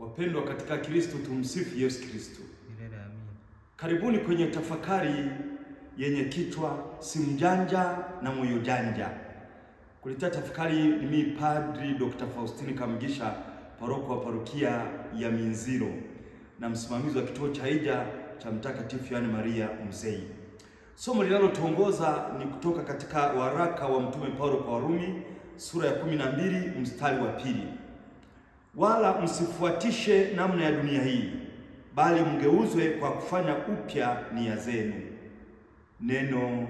Wapendwa katika Kristo, tumsifu Yesu Kristo. Karibuni kwenye tafakari yenye kichwa simjanja na moyo janja. Kuletea tafakari ni mimi Padri Dr. Faustini Kamugisha, paroko wa parokia ya Minziro na msimamizi wa kituo cha hija cha Mtakatifu Yohane Maria Mzee. Somo linalotuongoza ni kutoka katika waraka wa Mtume Paulo kwa Warumi sura ya 12 mstari wa pili wala msifuatishe namna ya dunia hii, bali mgeuzwe kwa kufanya upya nia zenu. Neno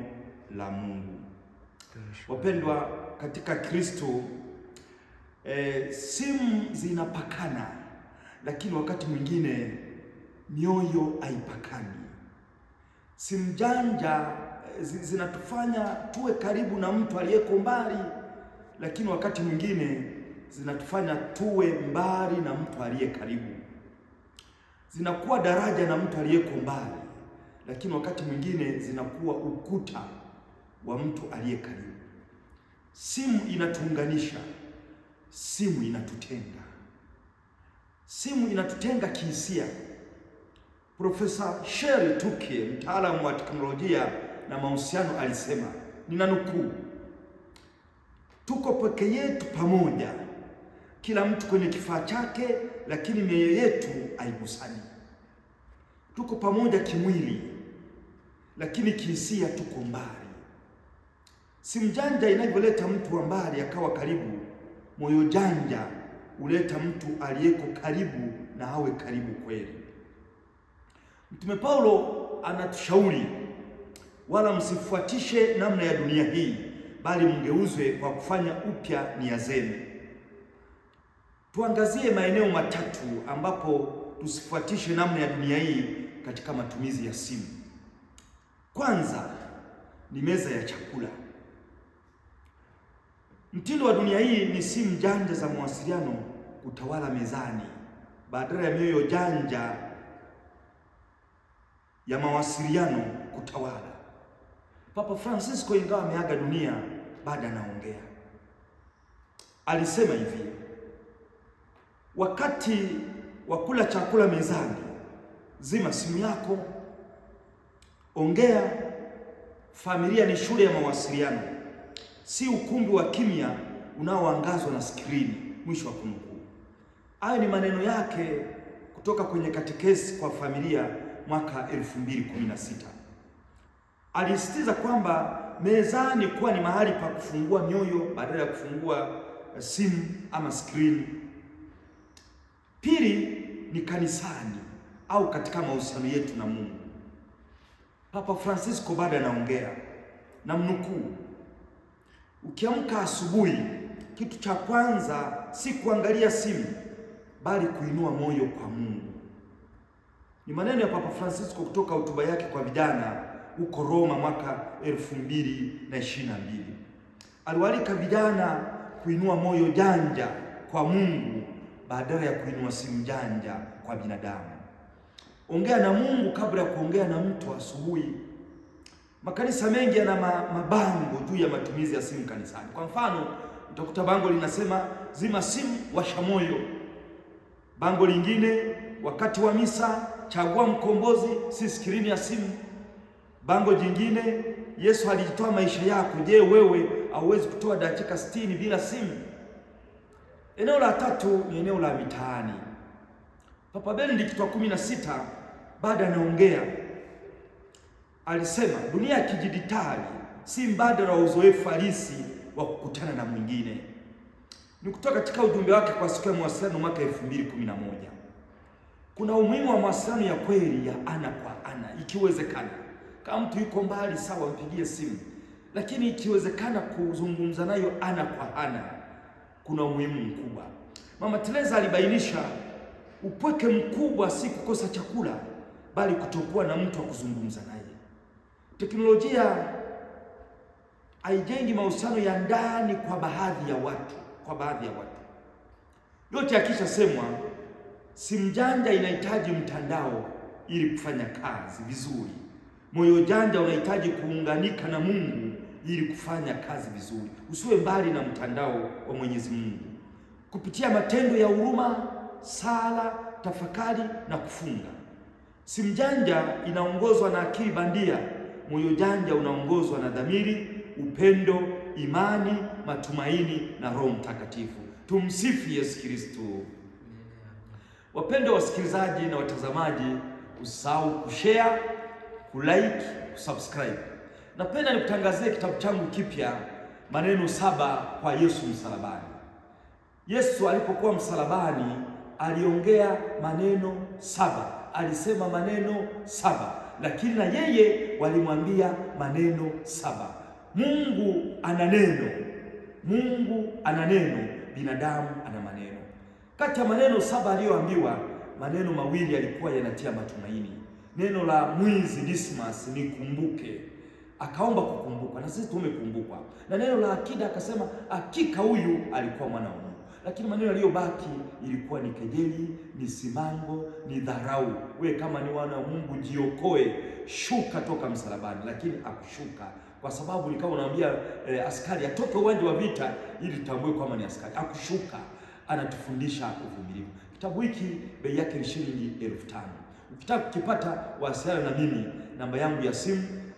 la Mungu. Wapendwa katika Kristo, e, simu zinapakana, lakini wakati mwingine mioyo haipakani. Simu janja eh, zinatufanya tuwe karibu na mtu aliyeko mbali, lakini wakati mwingine zinatufanya tuwe mbali na mtu aliye karibu, zinakuwa daraja na mtu aliyeko mbali, lakini wakati mwingine zinakuwa ukuta wa mtu aliye karibu. Simu inatuunganisha, simu inatutenga, simu inatutenga kihisia. Profesa Sheri Tuke, mtaalamu wa teknolojia na mahusiano, alisema, ninanukuu, tuko peke yetu pamoja kila mtu kwenye kifaa chake, lakini mioyo yetu haigusani. Tuko pamoja kimwili, lakini kihisia tuko mbali. Simu janja inavyoleta mtu wa mbali akawa karibu, moyo janja huleta mtu aliyeko karibu na awe karibu kweli. Mtume Paulo anatushauri, wala msifuatishe namna ya dunia hii, bali mgeuzwe kwa kufanya upya nia zenu Tuangazie maeneo matatu ambapo tusifuatishe namna ya dunia hii katika matumizi ya simu. Kwanza ni meza ya chakula. Mtindo wa dunia hii ni simu janja za mawasiliano kutawala mezani badala ya mioyo janja ya mawasiliano kutawala. Papa Francisco, ingawa ameaga dunia, bado anaongea, alisema hivi Wakati wa kula chakula mezani, zima simu yako, ongea. Familia ni shule ya mawasiliano, si ukumbi wa kimya unaoangazwa na skrini. Mwisho wa kunukuu. Hayo ni maneno yake kutoka kwenye katekesi kwa familia mwaka 2016. Alisisitiza kwamba mezani kuwa ni mahali pa kufungua mioyo badala ya kufungua eh, simu ama skrini. Pili ni kanisani au katika mahusiano yetu na Mungu. Papa Francisco bado anaongea na mnukuu, ukiamka asubuhi, kitu cha kwanza si kuangalia simu, bali kuinua moyo kwa Mungu. Ni maneno ya Papa Francisco kutoka hotuba yake kwa vijana huko Roma mwaka elfu mbili na ishirini na mbili. Aliwaalika vijana kuinua moyo janja kwa Mungu badala ya kuinua simu janja kwa binadamu. Ongea na Mungu kabla ya kuongea na mtu asubuhi. Makanisa mengi yana mabango juu ya matumizi ya simu kanisani. Kwa mfano, utakuta bango linasema zima simu, washa moyo. Bango lingine, wakati wa misa chagua mkombozi, si skrini ya simu. Bango jingine, Yesu alijitoa maisha yako. Je, wewe hauwezi kutoa dakika 60 bila simu? Eneo la tatu ni eneo la mitaani. Papa Benedikto wa kumi na sita bado anaongea, alisema dunia ya kidijitali si mbadala wa uzoefu halisi wa kukutana na mwingine. ni kutoka katika ujumbe wake kwa siku ya mawasiliano mwaka 2011. Kuna umuhimu wa mawasiliano ya kweli ya ana kwa ana, ikiwezekana. Kama mtu yuko mbali, sawa, mpigie simu, lakini ikiwezekana kuzungumza nayo ana kwa ana kuna umuhimu mkubwa. Mama Teresa alibainisha upweke mkubwa si kukosa chakula, bali kutokuwa na mtu wa kuzungumza naye. Teknolojia haijengi mahusiano ya ndani kwa baadhi ya watu, kwa baadhi ya watu. Yote semwa, simu janja inahitaji mtandao ili kufanya kazi vizuri. Moyo janja unahitaji kuunganika na Mungu ili kufanya kazi vizuri. Usiwe mbali na mtandao wa Mwenyezi Mungu kupitia matendo ya huruma, sala, tafakari na kufunga. Simu janja inaongozwa na akili bandia, moyo janja unaongozwa na dhamiri, upendo, imani, matumaini na Roho Mtakatifu. Tumsifu Yesu Kristo. Wapendwa wasikilizaji na watazamaji, usahau kushare, kulike, kusubscribe. Napenda nikutangazie kitabu changu kipya, maneno saba kwa Yesu msalabani. Yesu alipokuwa msalabani aliongea maneno saba, alisema maneno saba, lakini na yeye walimwambia maneno saba. Mungu ana neno, Mungu ana neno, binadamu ana maneno. Kati ya maneno saba aliyoambiwa, maneno mawili yalikuwa yanatia matumaini. Neno la mwizi Dismas, nikumbuke akaomba kukumbukwa, na sisi tumekumbukwa na neno la akida. Akasema hakika huyu alikuwa mwana wa Mungu, lakini maneno yaliyobaki ilikuwa ni kejeli, ni simango, ni dharau. Wewe kama ni wana wa Mungu jiokoe, shuka toka msalabani, lakini akushuka kwa sababu nikawa unaambia e, eh, askari atoke uwanja wa vita ili tambue kwamba ni askari. Akushuka, anatufundisha uvumilivu. Kitabu hiki bei yake ni shilingi elfu tano. Ukitaka kukipata, wasiliana na mimi, namba yangu ya simu